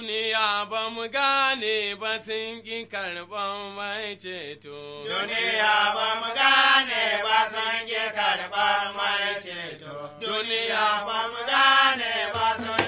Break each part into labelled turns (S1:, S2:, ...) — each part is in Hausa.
S1: Duniya ba mu gane ba sun ƙi karɓan mai ceto. Duniya ba mu gane
S2: ba sun ƙi karɓan mai ceto. Duniya ba mu
S1: gane ba sun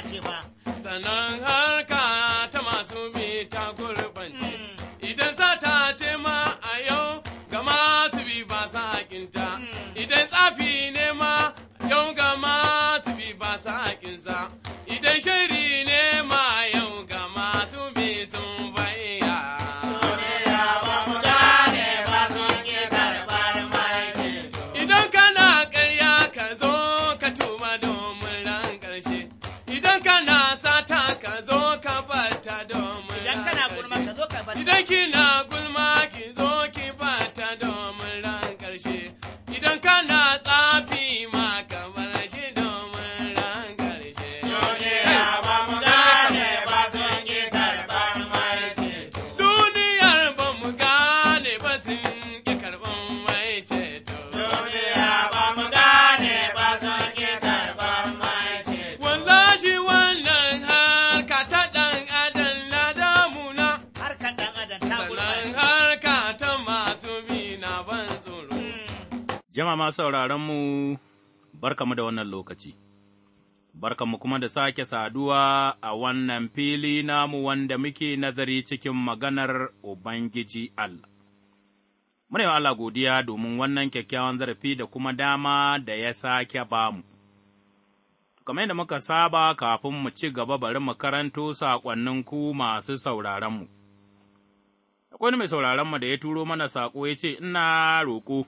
S1: lalace ba. Sannan harka ta masu bi ta gurbance, hmm. idan sata ce ma a yau ga masu bi ba sa hakinta, hmm. idan tsafi ne ma yau ga masu bi ba sa hakinsa, idan shari ne ma yau ga masu bi sun baiya. Idan kana karya ka zo ka tuma domin ran da na gulma
S3: Jama ma sauraronmu, barkamu da wannan lokaci, barkamu kuma da sake saduwa a wannan fili namu wanda muke nazari cikin maganar Ubangiji Allah. Muna yi Allah godiya domin wannan kyakkyawan zarafi da kuma dama da ya sake bamu. Kamar yadda muka saba kafin mu ci gaba bari mu karanto ku masu sauraronmu. Akwai mai sauraronmu da ya turo mana saƙo ya ce, Ina roƙo.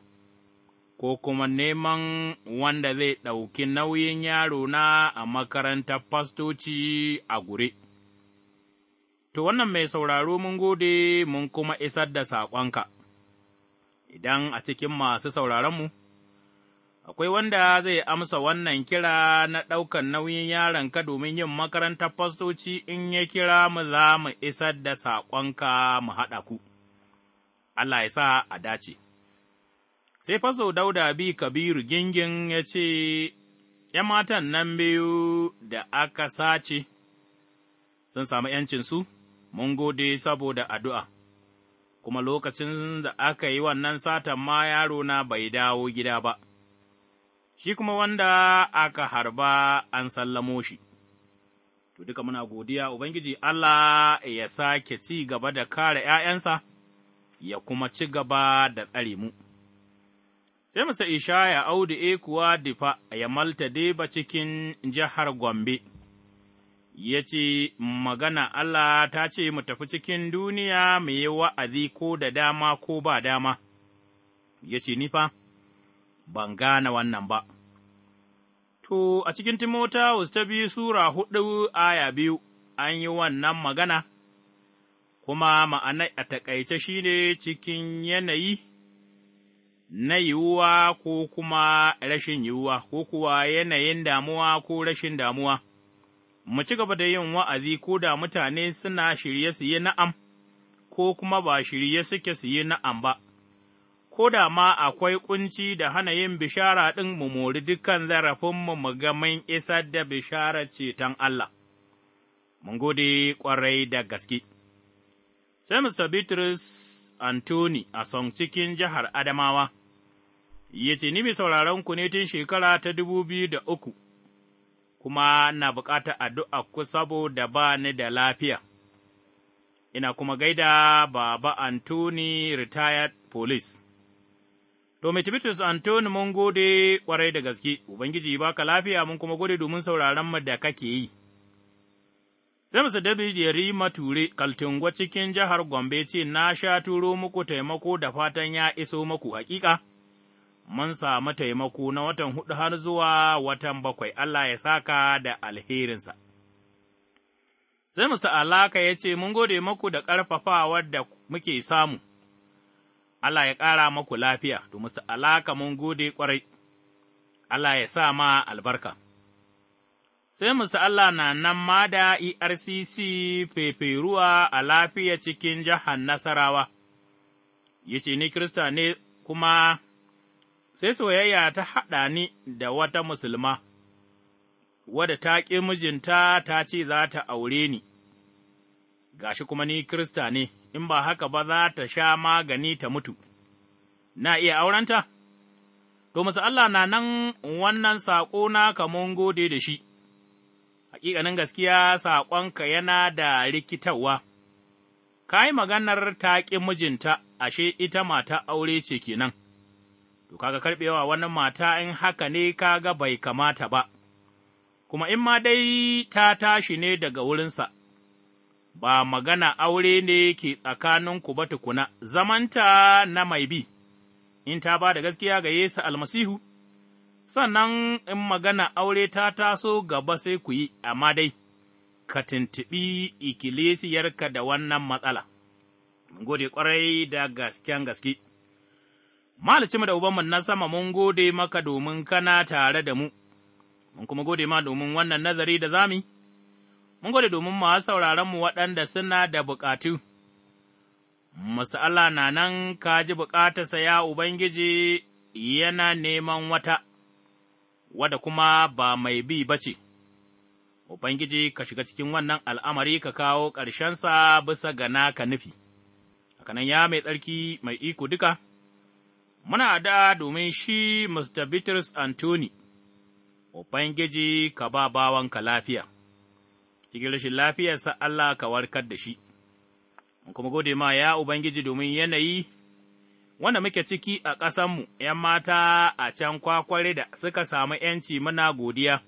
S3: ko kuma neman wanda zai ɗauki nauyin yaro na a makarantar fastoci a gure. To, wannan mai sauraro mun gode mun kuma isar da saƙonka, idan a cikin masu sauraronmu, akwai wanda zai amsa wannan kira na ɗaukan nauyin yaron ka domin yin makarantar fastoci in ya kira mu za mu isar da saƙonka mu haɗa ku. Allah ya sa a dace. sai faso dauda bi kabiru gingin ya ce, ’yan matan nan biyu da aka sace, sun sami ’yancinsu, mun gode saboda addu'a, kuma lokacin da aka yi wannan satan ma yaro na bai dawo gida ba, shi kuma wanda aka harba an sallamo shi. To, duka muna godiya, Ubangiji Allah ya sake ci gaba da kare ’ya'yansa, ya kuma ci gaba da tsare mu. sai masa Ishaya Audu ekuwa difa ya malta ba cikin jihar Gombe, ya ce, Magana Allah ta ce mu tafi cikin duniya mu yi wa'azi ko da dama ko ba dama, ya ce, Nifa, ban gane wannan ba. To, a cikin Timotawus ta biyu Sura hudu aya biyu, an yi wannan magana, kuma ma'anai a taƙaice shi ne cikin yanayi. na yiwuwa ko kuma rashin yiwuwa, ko kuwa yanayin damuwa ko rashin damuwa. Mu ci gaba da yin wa'azi ko da mutane suna shirye su yi na'am, ko kuma ba shirye suke su yi na'am ba, ko da ma akwai kunci da hana yin bishara ɗin mu mori dukkan zarafin mu ga mun isa da bishara ceton Allah. Mun gode ƙwarai da gaske. Sai Mr. Bitrus Antoni a son cikin jihar Adamawa. ya ce, Ni mai sauraron ku ne tun shekara ta dubu biyu da uku, kuma na bukatar addu'a ku saboda ba ni da lafiya. Ina kuma gaida Baba Antoni retired police. To, Tibitus Antoni mun gode kwarai da gaske, Ubangiji baka lafiya mun kuma gode domin sauraron mu da kake yi. sai Mr. David ya rima ture kaltingwa cikin jihar Gombe ce, Na sha turo muku taimako da fatan ya iso muku hakika, mun samu taimako na watan huɗu har zuwa watan bakwai, Allah ya saka da alherinsa. Sai Mista Alaka ya ce, Mun gode maku da ƙarfafawa da muke samu, Allah ya ƙara maku lafiya, to Mista Alaka mun gode ƙwarai, Allah ya sa ma albarka. Sai Mista Allah na nan ma da ERCC feferuwa a lafiya cikin jihar Nasarawa, yace ce, Ni Kirista ne kuma sai soyayya ta haɗa ni da wata musulma, wadda ta ƙi mijinta ta ce za ta aure ni, gashi kuma ni Kirista ne, in ba haka ba za ta sha magani ta mutu, na iya aurenta? To, musu Allah na nan wannan saƙo naka mun gode da shi, hakikanin gaskiya saƙonka yana da rikitawa. ka yi maganar ta mijinta, ashe ita mata aure ce kenan. to kaga karɓewa wannan mata in haka ne kaga bai kamata ba, kuma in ma dai ta tashi ne daga wurinsa, ba magana aure ne ke tsakaninku ba tukuna, zamanta na mai bi, in ta ba da gaskiya ga Yesu almasihu, sannan in magana aure ta taso gaba sai ku yi, amma dai, ka tuntuɓi ikilisiyarka da wannan matsala. Mun gode kwarai da gasken gaske. Malicinmu da Ubanmu na sama mun gode maka domin kana tare da mu, mun kuma gode ma domin wannan nazari da zami, mun gode domin ma sauraronmu waɗanda suna da bukatu. Masu Allah na nan ka ji bukatarsa ya Ubangiji yana neman wata, wadda kuma ba mai bi ba ce. Ubangiji ka shiga cikin wannan al'amari ka kawo ƙarshensa bisa ga naka nufi, hakanan ya mai tsarki mai iko duka. muna da domin shi Mr. Bitrus Anthony, Ubangiji ka ba bawanka lafiya, cikin rashin sa Allah ka warkar da shi, kuma gode ma ya Ubangiji domin yanayi wanda muke ciki a ƙasanmu, ’yan mata a can kwakware da suka samu ’yanci muna godiya.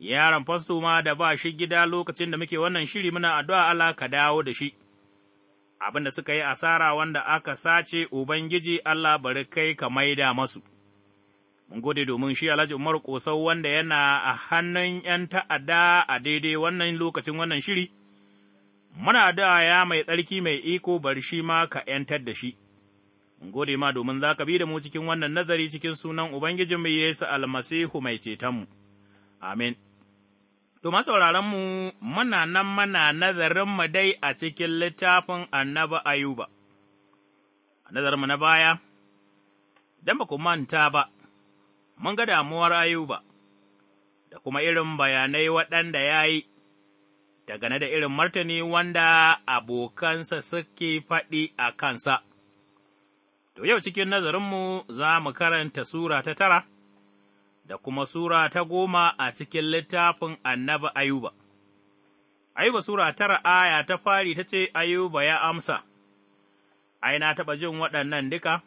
S3: Yaron fasto ma da ba shi gida lokacin da muke wannan shiri muna addu'a Allah ka dawo da shi, abin da suka yi asara wanda aka sace Ubangiji Allah bari kai ka maida masu. Mun gode domin shi Alhaji Umar Kosau wanda yana a hannun ’yan ta'ada a daidai wannan lokacin wannan shiri, muna da ya mai tsarki mai iko bari shi ma ka ’yantar da shi. Mun gode ma domin za ka bi da mu cikin wannan nazari cikin sunan Ubangijinmu Yesu almasihu mai cetonmu. Amin. Domin mu muna nan mana nazarinmu dai a cikin littafin annabi Ayuba, a nazarinmu na baya, don ba ku manta ba, mun ga damuwar Ayuba, da kuma irin bayanai waɗanda ya yi, dangane da irin martani wanda abokansa suke faɗi a kansa. To, yau cikin nazarinmu za mu karanta Sura ta tara, da kuma Sura ta goma a cikin littafin annabi Ayuba. Ayuba Sura tara aya ta fari ta ce Ayuba ya amsa, Ai, na taɓa jin waɗannan duka,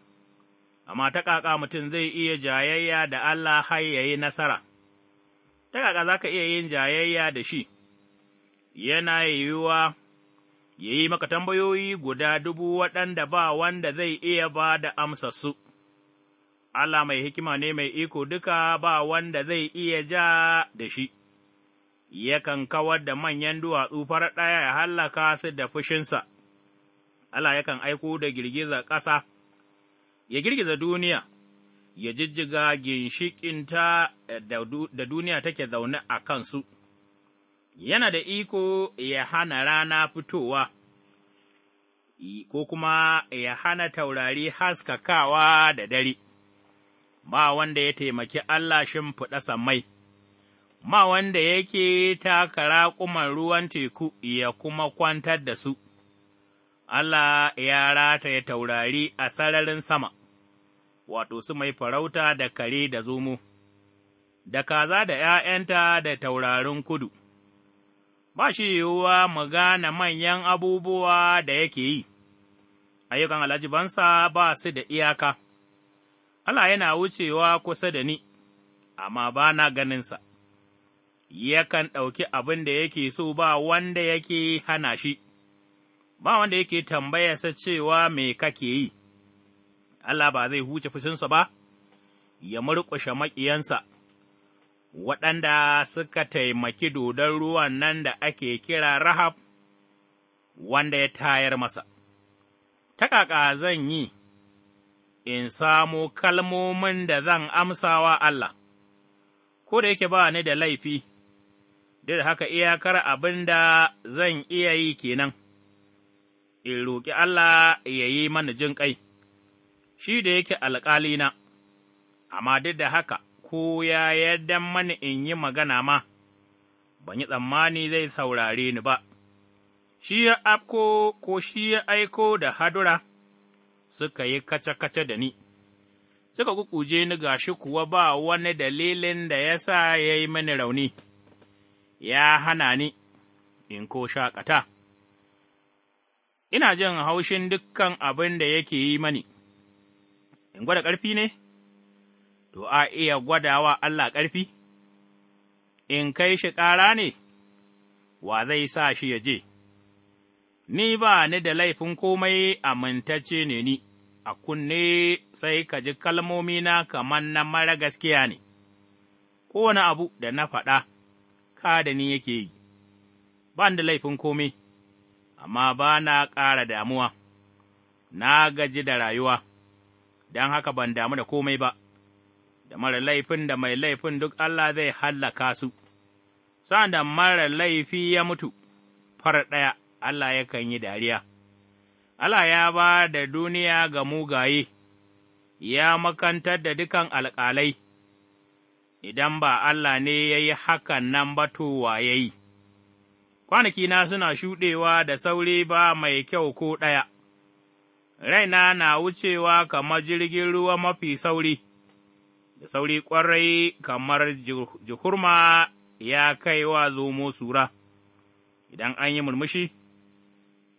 S3: amma ta ƙaƙa mutum zai iya jayayya da Allah har ya nasara, ta ƙaƙa za ka iya yin jayayya da shi, yana yiwuwa ya yi maka tambayoyi guda dubu waɗanda ba wanda zai iya ba da amsa su. Allah mai hikima ne mai iko duka ba wanda zai iya ja da shi, yakan kawar da manyan duwatsu farar ɗaya ya hallaka su da fushinsa, Allah yakan aiko da girgiza ƙasa, ya girgiza duniya, ya jijjiga ginshiƙinta da duniya take zaune a kansu, yana da iko ya hana rana fitowa. ko kuma ya hana taurari haskakawa da dare, ba wanda ya taimaki Allah shin fuɗa sammai, Ma wanda yake taka raƙuman ruwan teku ya kuma kwantar da su, Allah ya ya taurari a sararin sama, wato su mai farauta da kare da zomo, da kaza da ’ya'yanta da taurarin kudu, ba shi yiwuwa mu gane manyan abubuwa da yake yi, ayyukan alajibansa ba su da iyaka. Allah yana wucewa kusa da ni, amma ba na ganinsa, yakan ɗauki abin da yake so ba wanda yake hana shi, ba wanda yake tambayarsa cewa me kake yi, Allah ba zai huce fushinsa ba, ya murƙushe maƙiyansa, waɗanda suka taimaki dodon ruwan nan da ake kira Rahab, wanda ya tayar masa. Ta ƙaƙa zan yi in samo kalmomin da zan amsawa Allah, ko da yake ba ni da laifi, duk da haka iyakar abin da zan iya yi kenan, in roƙi Allah ya yi mana jin ƙai, shi da yake alƙalina, amma duk da haka ko ya yarda mani in yi magana ma, ban yi tsammani zai saurare ni ba, shi ya afko ko shi ya aiko da hadura. suka yi kaca-kaca da ni, suka kukuje ni gashi kuwa ba wani dalilin da ya sa ya yi mini rauni, ya hana ni in ko shaƙata. Ina jin haushin dukkan abin da yake yi mani, in gwada ƙarfi ne, to a iya gwadawa Allah ƙarfi, in kai shi ƙara ne, wa zai sa shi ya je. ni ba ni da laifin komai amintacce ne ni, a kunne sai ka ji na kamar na mara gaskiya ne, kowane abu da na faɗa, ka da ni yake yi, ba da laifin komai, amma ba na ƙara damuwa, na gaji da rayuwa, don haka ban damu da komai ba, da mara laifin da mai laifin duk Allah zai hallaka su, sa'an da mara laifi ya mutu, far ɗaya. Allah yakan yi dariya. Allah ya ba da duniya ga mugaye, ya makantar da dukan alƙalai, idan ba Allah ne ya yi hakan nan ba to ya yi. Kwanakina suna shuɗewa da sauri ba mai kyau ko ɗaya, raina na wucewa kamar jirgin ruwa mafi sauri, da sauri ƙwarai kamar jihurma ya kai wa zomo sura, idan an yi murmushi.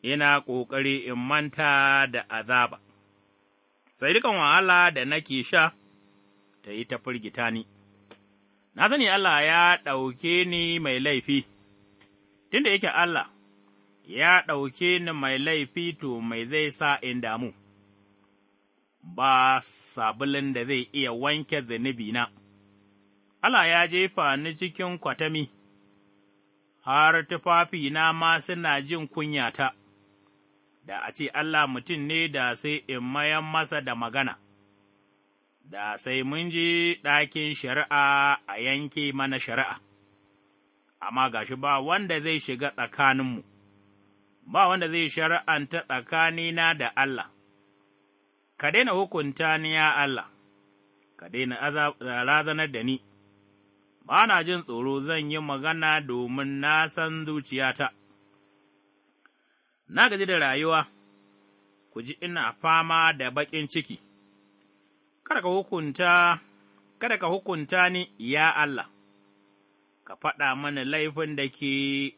S3: ina ƙoƙari in manta da azaba, sai dukan wahala da nake sha ta yi ta firgita ni, na sani Allah ya ɗauke ni mai laifi, tunda yake Allah ya ɗauke ni mai laifi to mai zai sa in damu, ba sabulin da zai iya wanke na. Allah ya jefa ni cikin kwatami, har tufafina ma suna jin kunyata. da a ce Allah mutum ne da sai in mayan masa da magana, da sai mun ji ɗakin shari'a a yanke mana shari'a, amma gashi ba wanda zai shiga tsakaninmu, ba wanda zai shari'anta tsakanina da Allah, ka daina hukunta ni ya Allah, ka daina razanar da ni, ba na jin tsoro zan yi magana domin na san zuciyata. na gaji da rayuwa, ku ji ina fama da baƙin ciki, kada ka hukunta, kada ka hukunta ni, ya Allah, ka faɗa mana laifin da ke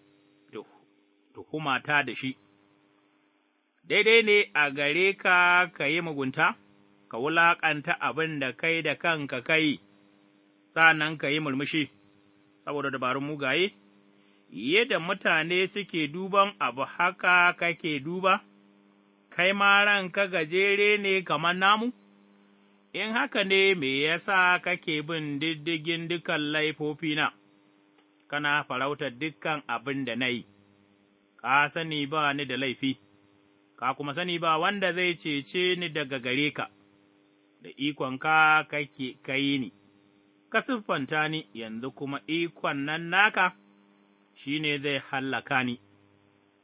S3: tuhumata da shi, daidai ne a gare ka ka yi mugunta, ka wulaƙanta abin da kai da kanka kai, sa'an nan ka yi murmushi, saboda dabarun mugaye. yadda mutane suke duban abu haka kake duba, kai ma ka gajere ne kamar namu? In haka ne me yasa kake bin diddigin dukan laifofina, kana farautar dukkan abin da na yi, ka sani ba ni da laifi, ka kuma sani ba wanda zai cece ni daga gare ka, da ikon ka kake kai ni, ka siffanta ni yanzu kuma ikon nan naka. shi ne zai hallaka ni,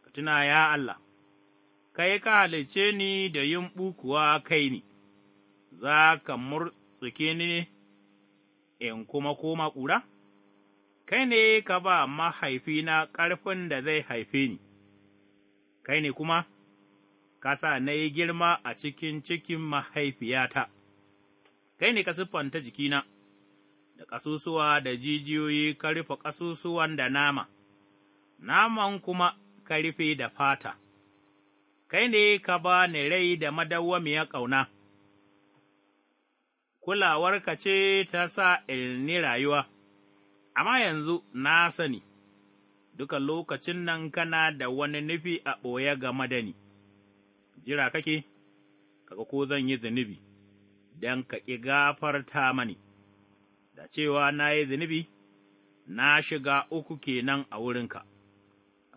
S3: ka tuna ya Allah, kai ka halice ni da yin kuwa kai ne, za ka murtsuke ni in kuma koma ƙura? Kai ne ka ba mahaifina ƙarfin da zai haife ni, kai ne kuma, ka sa na yi girma a cikin cikin mahaifiyata, kai ne ka siffanta jikina. da ƙasusuwa da jijiyoyi ka rufe ƙasusuwan da nama, naman kuma ka rufe da fata, kai ne ka ba ni rai da madawwamiyar ƙauna, kulawarka ce ta sa ni rayuwa, amma yanzu na sani, duka lokacin nan kana da wani nufi a ɓoye game da ni, jira kake, kaga ko zan yi zunubi, don ka ƙi gafarta mani, da cewa na yi zunubi, na shiga uku kenan a wurinka.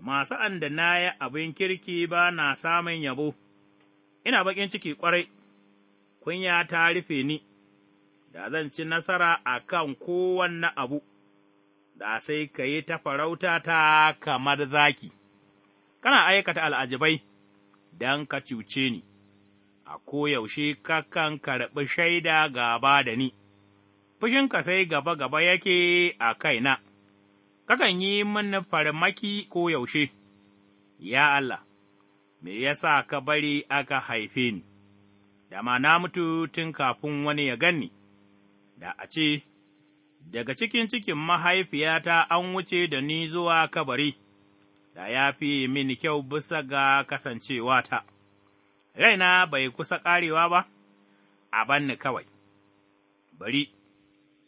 S3: Masu sa'an da na yi abin kirki ba na samun yabo, ina baƙin ciki ƙwarai, kunya ta rufe ni, da zan ci nasara a kan kowanne abu, da sai ka yi ta farauta ta kamar zaki, kana aikata al'ajibai don ka cuce ni, a koyaushe kakan karɓi shaida gaba da ni, fushinka sai gaba-gaba yake a kaina. kakan yi mana farmaki ko yaushe. ya Allah, me yasa ka bari aka haife ni, da ma na mutu tun kafin wani ya ganni, da a ce, daga cikin cikin mahaifiyata an wuce da ni zuwa kabari, da ya fi mini kyau bisa ga kasancewata, raina bai kusa ƙarewa ba, a banni kawai, bari,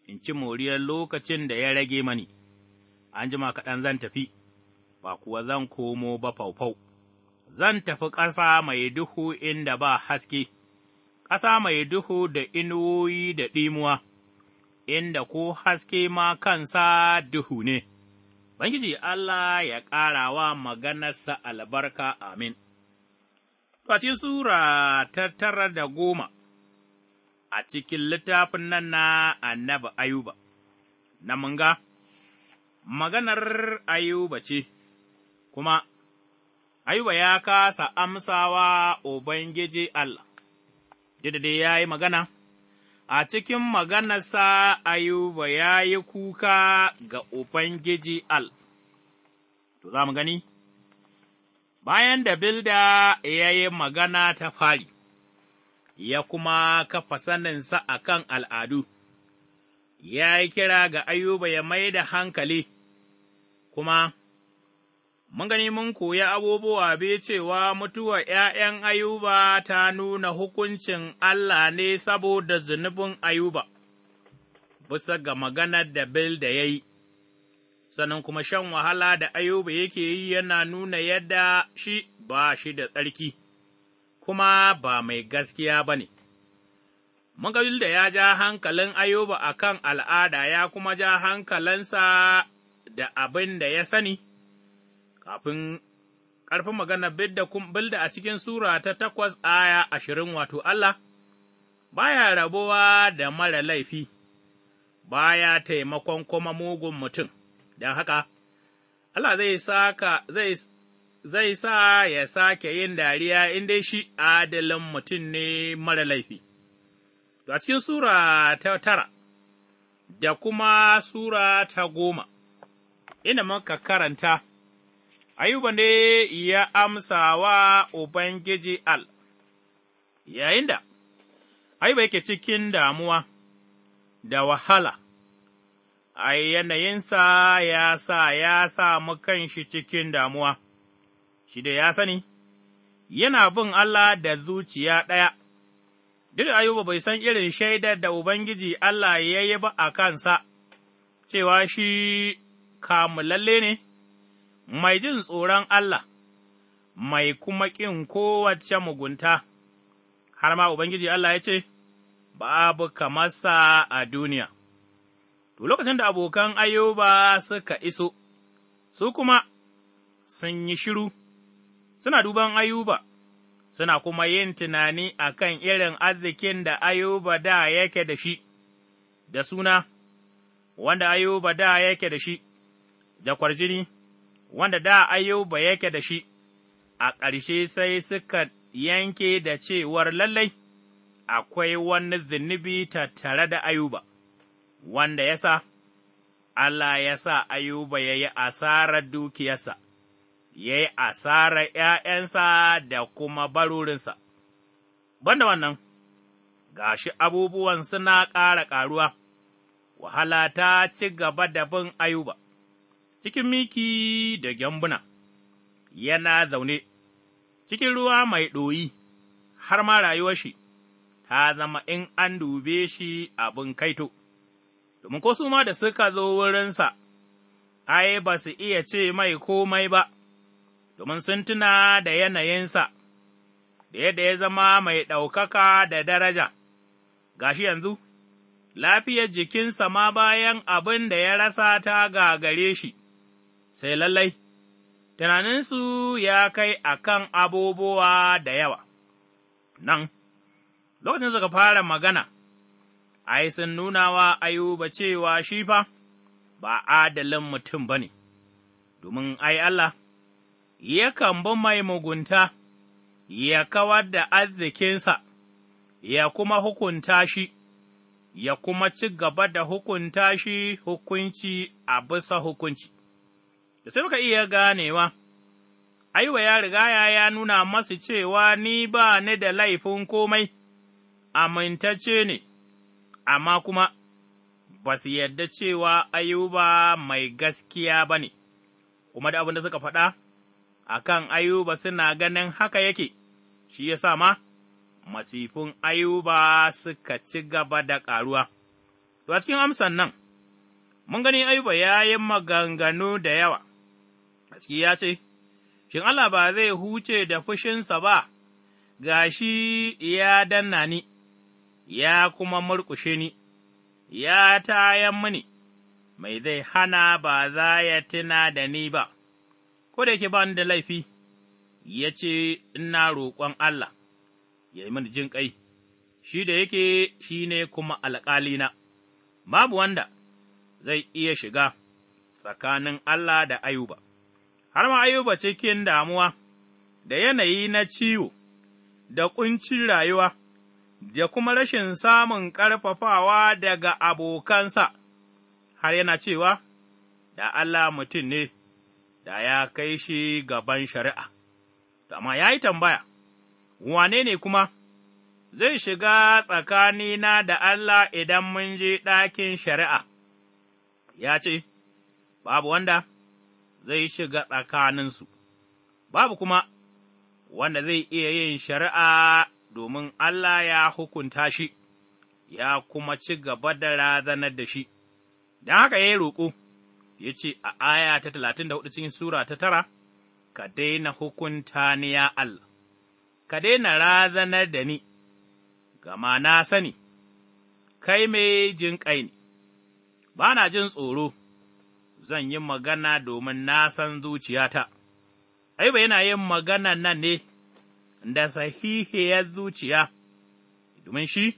S3: in ci moriyar lokacin da ya rage mani. an jima kaɗan zan tafi, ba kuwa zan komo ba faufau, zan tafi ƙasa mai duhu inda ba haske, ƙasa mai duhu da inuwoyi da ɗimuwa, inda ko haske ma kansa duhu ne. Bangiji Allah ya ƙara wa maganarsa albarka amin. Faci Sura ta tara da goma a cikin littafin nan na annabi Ayuba, na munga. maganar Ayuba ce, kuma Ayuba ya kasa amsawa Ubangiji Allah, dai ya yi magana, a cikin maganarsa Ayuba ya yi kuka ga Ubangiji Allah. To, za mu gani? Bayan da Bilda ya yi magana ta fari, ya kuma kafa saninsa a kan al'adu, ya yi kira ga Ayuba ya mai da hankali. kuma mun gani mun koyi abubuwa bai cewa mutuwar ’ya'yan Ayuba ta nuna hukuncin Allah ne saboda zunubin Ayuba, bisa ga maganar da Bil da ya yi, sannan kuma shan wahala da Ayuba yake yi yana nuna yadda shi ba shi da tsarki, kuma ba mai gaskiya ba ne. Mun da ya ja hankalin Ayuba a kan al'ada ya kuma ja hankalinsa da abin da ya sani, kafin ƙarfin magana Bilda a cikin Sura ta takwas aya ashirin wato Allah, baya rabuwa da mara laifi, baya taimakon kuma mugun mutum, don haka, Allah zai saka zai zai sa ya sake yin dariya in dai shi adalin mutum ne mara laifi. A cikin Sura ta tara da kuma Sura ta goma. inda maka karanta, Ayuba ne ya amsa wa Ubangiji Al, yayin da Ayuba yake cikin damuwa da wahala, a yanayinsa ya sa ya kan shi cikin damuwa, shi da ya sani, yana bin Allah da zuciya ɗaya. duk Ayuba bai san irin shaidar da Ubangiji Allah ya yi ba a kansa, cewa shi kamu lalle ne, mai jin tsoron Allah, mai kuma ƙin kowace mugunta, har ma Ubangiji Allah ya ce, Babu kamarsa a duniya. To, lokacin da abokan Ayuba suka iso, su kuma sun yi shiru, suna duban ayuba, suna kuma yin tunani a kan irin arzikin da ayuba da yake da shi, da suna, wanda ayuba da yake da shi. da kwarjini, wanda da Ayuba yake da shi, a ƙarshe sai suka yanke da cewar lallai akwai wani zunubi tattare da Ayuba, wanda ya sa Allah ya sa Ayuba ya yi asarar dukiyarsa, ya yi asarar ’ya'yansa da kuma barurinsa. Banda wannan, gashi abubuwan suna ƙara ƙaruwa, wahala ta ci gaba da bin Ayuba. cikin miki da gyambuna, yana zaune cikin ruwa mai ɗoyi, har ma rayuwar shi ta zama in an dube shi abin kaito, domin ko su ma da suka zo wurinsa, ai, ba su iya ce mai komai ba, domin sun tuna da yanayinsa, da yadda ya zama mai ɗaukaka da daraja, Ga shi yanzu, lafiyar jikinsa ma bayan abin da ya rasa ta gagare shi. sai lallai, tunaninsu ya kai a kan abubuwa da yawa, nan, lokacin suka fara magana, ai, sun nuna wa ayuba cewa shi fa ba adalin mutum ba ne, domin ai Allah, yakan bi mai mugunta, ya kawar da arzikinsa, ya kuma hukunta shi. ya kuma ci gaba da hukunta shi hukunci a bisa hukunci, da sai muka iya ganewa, aiwa ya riga ya nuna masu cewa ni ba ni da laifin komai, amintacce ne, amma kuma ba su yarda cewa ayuba mai gaskiya ba ne, kuma da abin da suka faɗa a kan ayuba suna ganin haka yake, shi ya sa ma masifin ayuba suka ci gaba da ƙaruwa. To, a cikin amsan nan, mun gani ayuba ya yi maganganu da yawa, Gaskiya ce, Shin Allah ba zai huce da fushinsa ba, ga shi ya danna ni, ya kuma murƙushe ni, ya tayan mini, mai zai hana ba za ya tuna da ni ba, ko da yake ba da laifi, ya ce, Ina roƙon Allah, ya yi mini jin ƙai, shi da yake shi ne kuma alƙalina, babu wanda zai iya shiga tsakanin Allah da Ayuba. har ma Ayuba cikin damuwa da yanayi na ciwo, da ƙuncin rayuwa, da kuma rashin samun ƙarfafawa daga abokansa, har yana cewa, Da Allah mutum ne, da ya kai shi gaban shari'a, amma ya yi tambaya, wane ne kuma? zai shiga tsakanina da Allah idan mun je ɗakin shari'a, ya ce, Babu wanda zai shiga tsakaninsu, babu kuma wanda zai iya yin shari'a domin Allah ya hukunta shi, ya kuma ci gaba da razanar da shi, don haka ya yi roƙo, ya ce a aya ta talatin da hudu cikin Sura ta tara, Ka daina hukunta ni ya Allah, ka daina razanar da ni, gama na sani, kai mai jin ƙai ne, ba na jin tsoro. zan yi magana domin na san zuciyata, Ayuba yana yin magana nan ne da sahihiyar zuciya, domin shi,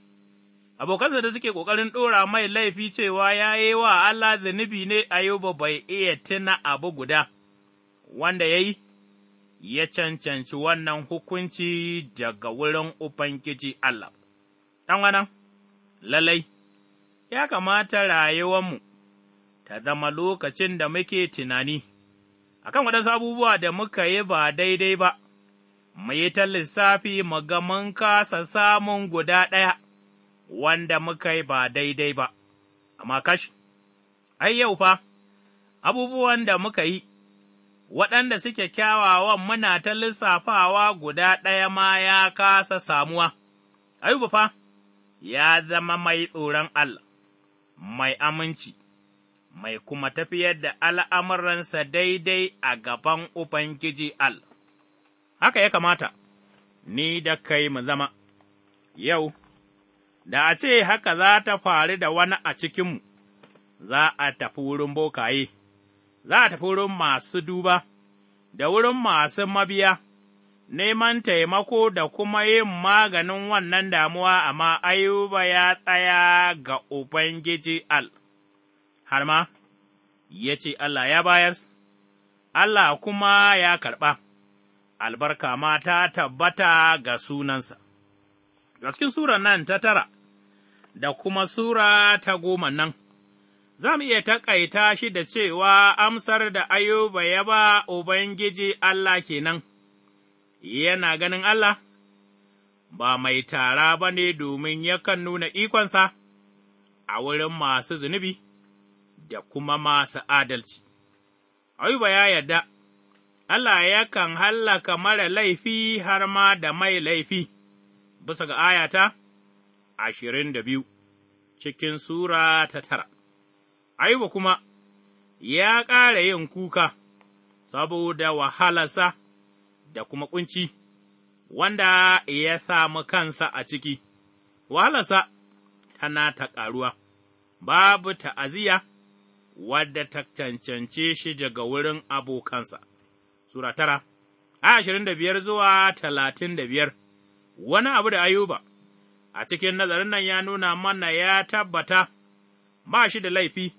S3: abokansa da suke ƙoƙarin ɗora mai laifi cewa ya yi wa Allah zunubi ne Ayuba bai iya tuna abu guda, wanda ya yi, ya cancanci wannan hukunci daga wurin Ubangiji Allah. ɗan lalai, ya kamata rayuwarmu ta zama lokacin da muke tunani, a kan waɗansu abubuwa da muka yi ba daidai ba, mu yi ta lissafi mu ga mun kasa samun guda ɗaya wanda muka yi ba daidai ba, amma kashi, ai yau fa, abubuwan da muka yi, waɗanda suke kyawawan muna ta lissafawa guda ɗaya ma ya kasa samuwa, ayuba fa, ya zama mai tsoron Allah, mai aminci. mai kuma tafiyar da al'amuransa daidai a gaban Ubangiji Al. Haka ya kamata, ni da kai mu zama, yau, da a ce haka za ta faru da wani a cikinmu, za a tafi wurin bokaye, za a tafi wurin masu duba, da wurin masu mabiya, neman taimako da kuma yin maganin wannan damuwa, amma Ayuba ya tsaya ga Ubangiji Al. har ma ya ce Allah ya bayar, Allah kuma ya karɓa, albarka ma ta tabbata ga sunansa. Gaskin Sura nan ta tara da kuma Sura ta goma nan, za mu iya taƙaita shi da cewa amsar da Ayuba ya ba Ubangiji Allah kenan, yana ganin Allah. ba mai tara ba ne domin yakan nuna ikonsa a wurin masu zunubi, da kuma masu adalci. Ayuba ya yarda, Allah yakan hallaka mara laifi har ma da mai laifi, bisa ga ayata ashirin da biyu cikin Sura ta tara. Ayuba kuma ya ƙara yin kuka saboda wahalarsa da kuma ƙunci, wanda ya samu kansa a ciki, wahalarsa tana ta ƙaruwa, babu ta'aziyya, wadda ta cancance shi daga wurin abokansa. Sura tara, a ashirin da biyar zuwa talatin da biyar, wani abu da ayuba, a cikin nazarin nan ya nuna mana ya tabbata ba shi da laifi,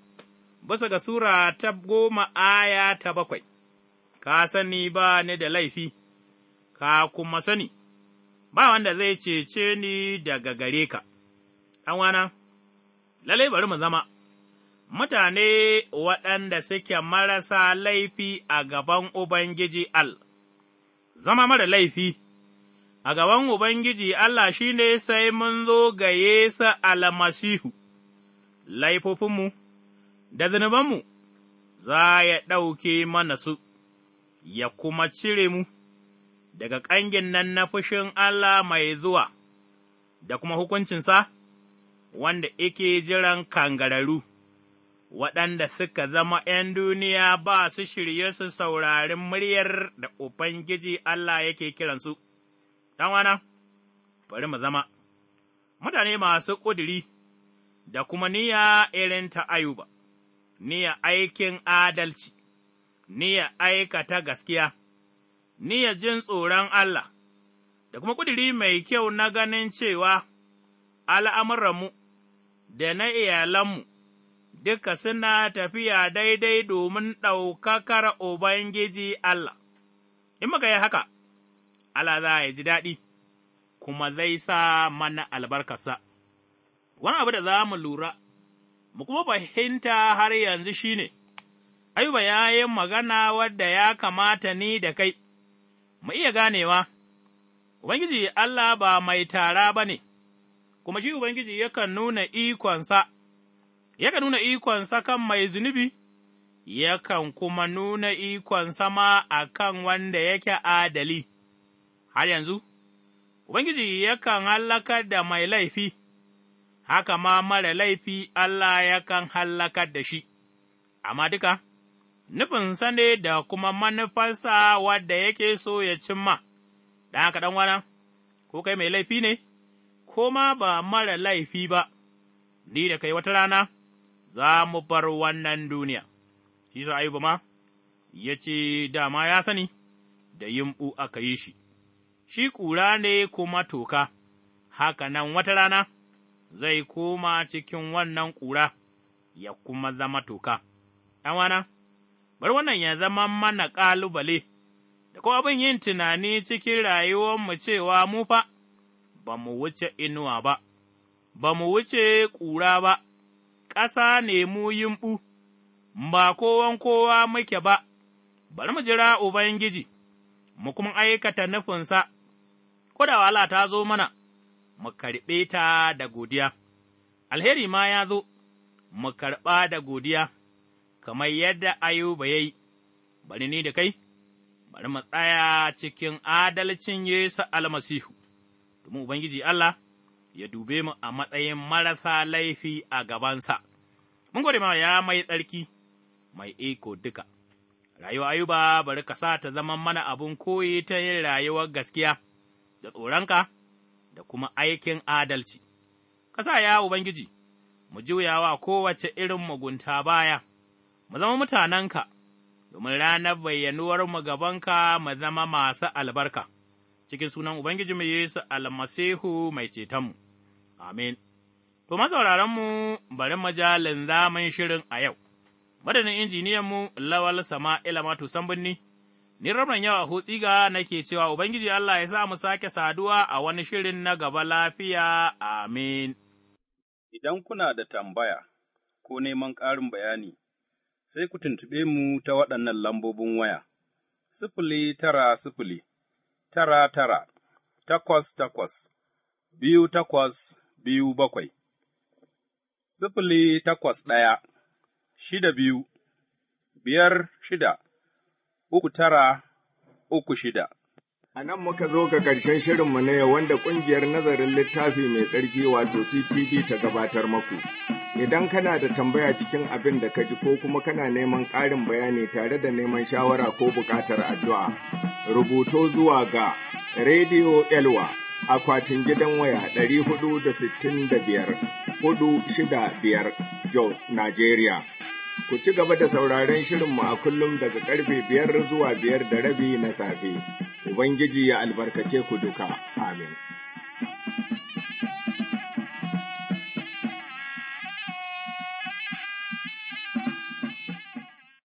S3: bisa ga Sura ta goma aya ta bakwai, ka sani ba ni da laifi, ka kuma sani, ba wanda zai cece ni daga gare ka, ɗan wana, lalai bari mu zama. mutane waɗanda suke marasa laifi a gaban Ubangiji Al, zama mara laifi, a gaban Ubangiji Allah shi ne sai mun zo ga Yesu almasihu, laifofinmu da zunubanmu za ya ɗauke mana su, ya kuma cire mu daga ƙangin nan na fushin Allah mai zuwa, da kuma hukuncinsa, wanda ike jiran kangararu waɗanda suka zama ’yan duniya ba su shirye su saurari muryar da Ubangiji Allah yake kiransu, ɗanwana, bari mu zama, mutane masu ƙudiri da kuma niyya irin ta ayuba, niyya aikin adalci, niyya aikata gaskiya, niyya jin tsoron Allah, da kuma ƙudiri mai kyau na ganin cewa al'amuranmu da na iyalanmu duka suna tafiya daidai domin ɗaukakar Ubangiji Allah, in muka yi haka, Allah za ya ji daɗi, kuma zai sa mana albarkarsa. Wani abu da za mu lura, mu kuma fahimta har yanzu shi ne, Ayuba ya yi magana wadda ya kamata ni da kai, mu iya ganewa, Ubangiji Allah ba mai tara ba ne, kuma shi Ubangiji yakan nuna ikonsa. Yaka nuna ikonsa kan mai zunubi, yakan kuma nuna ikon sama a kan wanda yake adali, har yanzu, Ubangiji yakan hallakar da mai laifi, haka ma mara laifi Allah yakan hallakar da shi, amma duka, nufin ne da kuma manufarsa wadda yake so ya cimma, ɗan haka ɗan wana, ko kai mai laifi ne, ko ma ba mara laifi ba, ni da kai wata rana. za mu bar wannan duniya, shi sa Ayuba ma ya ce dama ya sani da yimɓu aka yi shi, shi ƙura ne kuma toka, haka nan wata rana zai koma cikin wannan ƙura ya kuma zama toka. ’Yan bar wannan ya zama mana ƙalubale, da kuma abin yin tunani cikin rayuwarmu cewa mu fa ba mu wuce inuwa ba, ba mu wuce ƙura ba. ƙasa ne mu yimɓu, ba kowan kowa muke ba, bari mu jira Ubangiji, mu kuma aikata nufinsa, ko da wahala ta zo mana, mu karɓe ta da godiya, alheri ma ya zo, mu karɓa da godiya, kamar yadda Ayuba ya yi, bari ni da kai, bari mu tsaya cikin adalcin Yesu almasihu, domin Ubangiji Allah. ya dube mu a matsayin marasa laifi a gabansa. Mun gode ma ya mai tsarki, mai iko duka. Rayuwa Ayuba bari ka sa ta zama mana abun koyi ta yin rayuwar gaskiya, da tsoronka, da kuma aikin adalci. Ka sa ya Ubangiji, mu juyawa kowace irin mugunta baya, mu zama mutanenka, domin ranar bayyanuwar mu gabanka mu zama masu albarka. cikin sunan Ubangiji mu Yesu almasihu mai cetonmu. Amin. To, masauraranmu bari majalin zaman shirin a yau, madadin injiniyanmu Lawal Sama'ila Matu Sambunni, ni rabin yawa hutsiga nake cewa Ubangiji Allah ya sa mu sake saduwa a wani shirin na gaba lafiya, amin. Idan kuna da tambaya ko neman ƙarin bayani, sai ku tuntuɓe mu ta waɗannan lambobin waya, sifili tara sifili. tara tara, takwas takwas, biyu takwas biyu bakwai, sifili takwas ɗaya, shida biyu, biyar shida, uku tara, uku shida.
S2: A nan muka zo ga ƙarshen shirinmu ne wanda ƙungiyar nazarin littafi mai tsarki wato ttb ta gabatar maku. Idan kana da tambaya cikin abin da ka ji ko kuma kana neman ƙarin bayani tare da neman shawara ko buƙatar addu'a, rubuto zuwa ga Radio Elwa akwatin gidan waya 465 465 Jos, Nigeria. Ku ci gaba da sauraron shirinmu a kullum daga karfe biyar zuwa biyar da rabi na safe. Ubangiji ya albarkace ku duka. Amin.